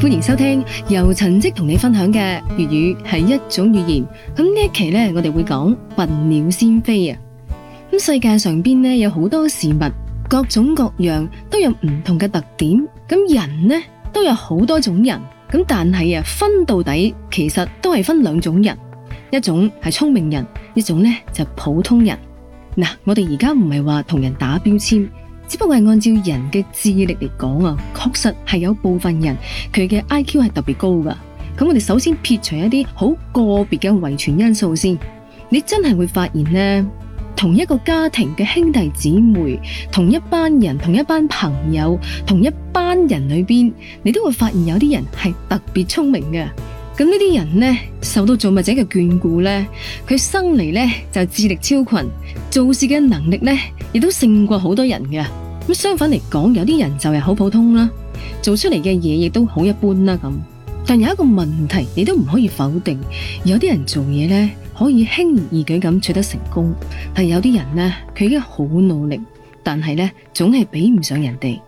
歡迎收聽由陳織同你分享嘅粵語係一種語言。噉呢一期呢，我哋會講笨鳥先飛。噉世界上邊呢，有好多事物，各種各樣都有唔同嘅特點。噉人呢，都有好多種人。噉但係呀，分到底其實都係分兩種人，一種係聰明人，一種呢就普通人。嗱，我哋而家唔係話同人打標籤。只不過係按照人嘅智力嚟講啊，確實係有部分人，佢嘅 I.Q 係特別高㗎。咁我哋首先撇除一啲好個別嘅遺傳因素先，你真係會發現呢，同一個家庭嘅兄弟姊妹、同一班人、同一班朋友、同一班人裏邊，你都會發現有啲人係特別聰明㗎。咁呢啲人呢，受到造物者嘅眷顧呢，佢生嚟呢就智力超群，做事嘅能力呢。亦都勝過好多人嘅，相反嚟講，有啲人就係好普通啦，做出嚟嘅嘢，亦都好一般啦。咁但有一個問題，你都唔可以否定，有啲人做嘢呢，可以輕而易舉咁取得成功，但有啲人呢，佢已經好努力，但係呢，總係比唔上人哋。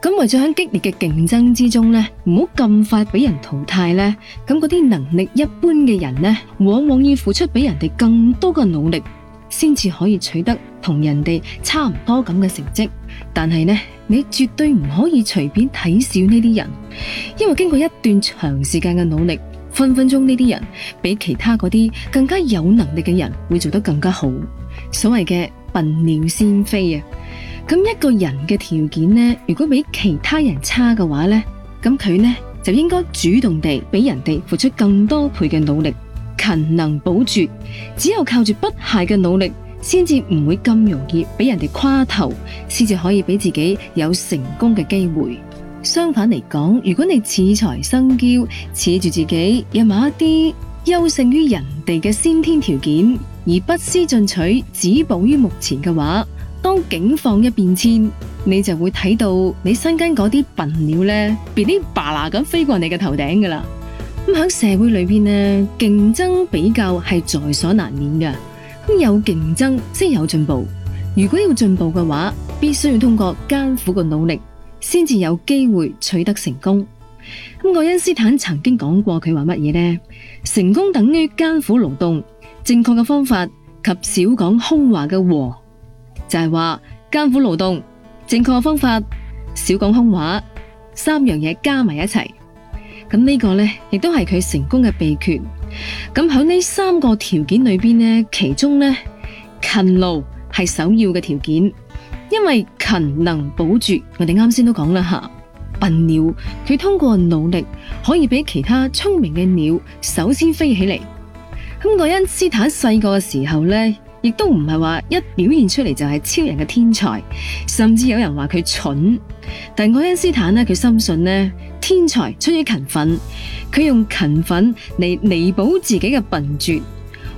咁為咗喺激烈嘅競爭之中呢，唔好咁快畀人淘汰呢。咁嗰啲能力一般嘅人呢，往往要付出比人哋更多嘅努力。先至可以取得同人哋差唔多咁嘅成績，但係呢，你絕對唔可以隨便睇小呢啲人，因為經過一段長時間嘅努力，分分鐘呢啲人比其他嗰啲更加有能力嘅人會做得更加好。所謂嘅笨鳥先飛啊，咁一個人嘅條件呢，如果比其他人差嘅話呢，咁佢呢，就應該主動地比人哋付出更多倍嘅努力。勤能補拙，只有靠住不懈嘅努力，先至唔會咁容易俾人哋跨頭，先至可以俾自己有成功嘅機會。相反嚟講，如果你恃才生驕，恃住自己有某一啲優勝於人哋嘅先天條件，而不思進取，止步於目前嘅話，當境況一變遷，你就會睇到你身邊嗰啲笨鳥咧，噼哩啪啦咁飛過你嘅頭頂㗎喇。咁喺社會裏邊呢，競爭比較係在所難免嘅。咁有競爭先有進步。如果要進步嘅話，必須要通過艱苦嘅努力，先至有機會取得成功。咁愛因斯坦曾經講過，佢話乜嘢呢？成功等於艱苦勞動、正確嘅方法及少講空話嘅和，就係話艱苦勞動、正確嘅方法、少講空話三樣嘢加埋一齊。咁呢個呢，亦都係佢成功嘅秘訣。咁喺呢三個條件裏邊呢，其中呢，勤勞係首要嘅條件，因為勤能補拙。我哋啱先都講啦吓，笨鳥佢通過努力可以比其他聰明嘅鳥首先飛起嚟。咁愛因斯坦細個嘅時候呢，亦都唔係話一表現出嚟就係超人嘅天才，甚至有人話佢蠢。但愛因斯坦呢，佢深信呢。天才出於勤奮，佢用勤奮嚟彌補自己嘅笨拙。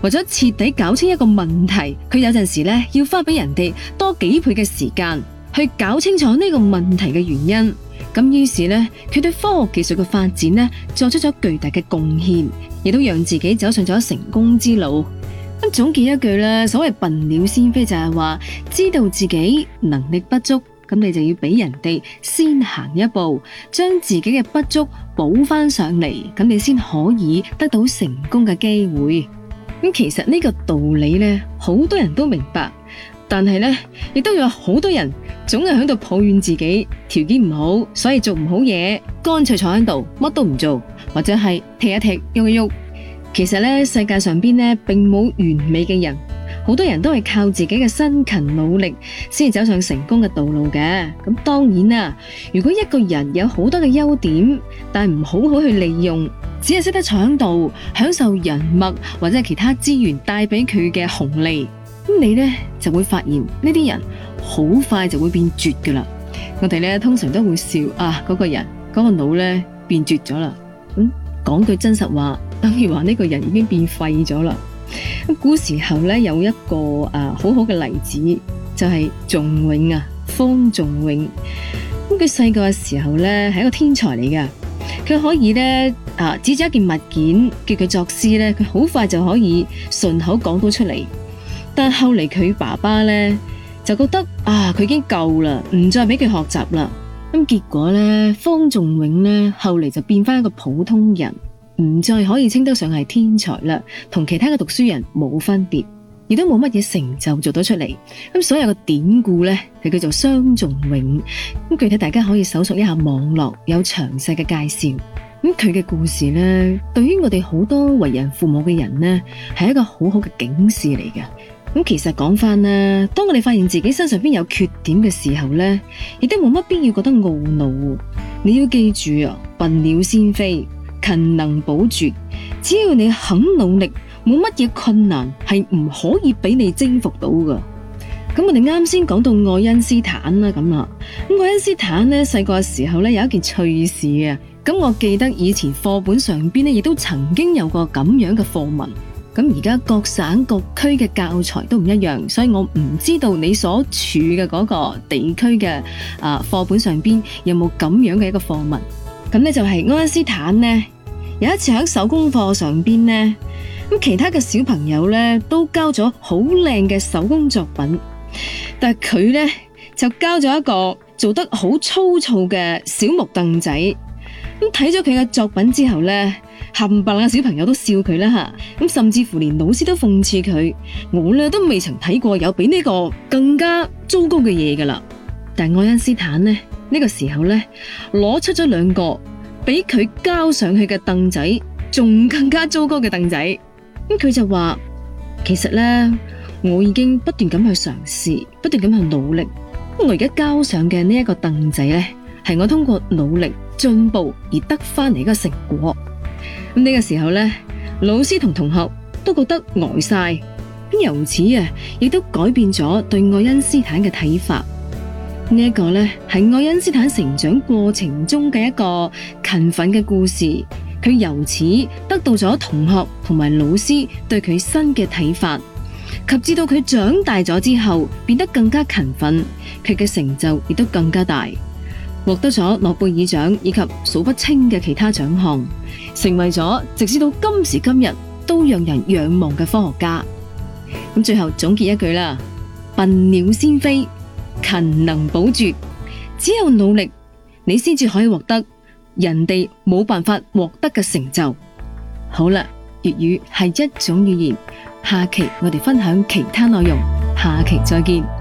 為咗徹底搞清一個問題，佢有陣時咧要花俾人哋多幾倍嘅時間去搞清楚呢個問題嘅原因。咁於是呢，佢對科學技術嘅發展呢作出咗巨大嘅貢獻，亦都讓自己走上咗成功之路。咁總結一句啦，所謂笨鳥先飛就係話，知道自己能力不足，咁你就要俾人哋先行一步，將自己嘅不足補翻上嚟，咁你先可以得到成功嘅機會。咁其實呢個道理呢，好多人都明白，但係呢，亦都有好多人總係喺度抱怨自己條件唔好，所以做唔好嘢，乾脆坐喺度乜都唔做，或者係踢一踢，喐一喐。其實呢，世界上邊呢並冇完美嘅人。好多人都係靠自己嘅辛勤努力先走上成功嘅道路嘅。咁當然啦，如果一個人有好多嘅優點，但不唔好好去利用，只係識得搶道，享受人脈或者其他資源帶畀佢嘅紅利，你呢就會發現呢啲人好快就會變絕㗎啦。我哋呢通常都會笑啊，嗰、那個人嗰、那個腦呢變絕咗啦。咁、嗯、講句真實話，等於話呢個人已經變廢咗啦。古時候有一個啊好好嘅例子，就係仲永啊，方仲永。他佢細個嘅時候係一個天才嚟㗎。佢可以呢啊指咗一件物件叫佢作詩，他佢好快就可以順口講到出嚟。但後來佢爸爸呢，就覺得啊佢已經夠啦，唔再俾佢學習啦。咁結果呢，方仲永呢，後來就變返一個普通人。唔再可以稱得上係天才啦，同其他嘅讀書人冇分別，亦都冇乜嘢成就做得出嚟。咁所有嘅典故呢，係叫做傷仲永。咁具體大家可以搜索一下網絡有詳細，有詳細嘅介紹。咁佢嘅故事呢，對於我哋好多為人父母嘅人呢，係一個好好嘅警示嚟㗎。咁其實講返啦，當我哋發現自己身上邊有缺點嘅時候呢，亦都冇乜必要覺得懊惱。你要記住啊，笨鳥先飛。勤能補拙，只要你肯努力，冇乜嘢困難係唔可以俾你征服到噶。咁我哋啱先講到愛因斯坦啦，咁啦，愛因斯坦咧細個嘅時候呢，有一件趣事。咁我記得以前課本上邊咧亦都曾經有個咁樣嘅課文。咁而家各省各區嘅教材都唔一樣，所以我唔知道你所處嘅嗰個地區嘅誒課本上邊有冇咁樣嘅一個課文？咁咧就係愛因斯坦呢。有一次喺手工課上面，其他嘅小朋友咧都交咗好靚嘅手工作品，但係佢咧就交咗一個做得好粗糙嘅小木凳仔。看睇咗佢嘅作品之後呢，冚唪唥小朋友都笑佢啦吓，甚至乎連老師都諷刺佢：我咧都未曾睇過有比呢個更加糟糕嘅嘢㗎喇。但係愛因斯坦咧呢，呢個時候呢，拿攞出咗兩個，比佢交上去嘅凳仔仲更加糟糕嘅凳仔，咁佢就話：其實呢，我已經不斷咁去嘗試，不斷咁去努力，我而家交上嘅呢一個凳仔呢，係我通過努力進步而得翻嚟嘅一個成果。咁呢個時候呢，老師同同學都覺得呆晒，由此啊，亦都改變咗對愛因斯坦嘅睇法。這個、呢一個咧，係愛因斯坦成長過程中嘅一個勤奮嘅故事，佢由此得到咗同學同埋老師對佢新嘅睇法，及至到佢長大咗之後，變得更加勤奮，佢嘅成就亦都更加大，獲得咗諾貝爾獎以及數不清嘅其他獎項，成為咗直至到今時今日都讓人仰望嘅科學家。咁最後總結一句啦，笨鳥先飛。勤能補拙，只有努力，你先至可以獲得人哋冇辦法獲得嘅成就。好啦，粵語係一種語言，下期我哋分享其他內容，下期再見。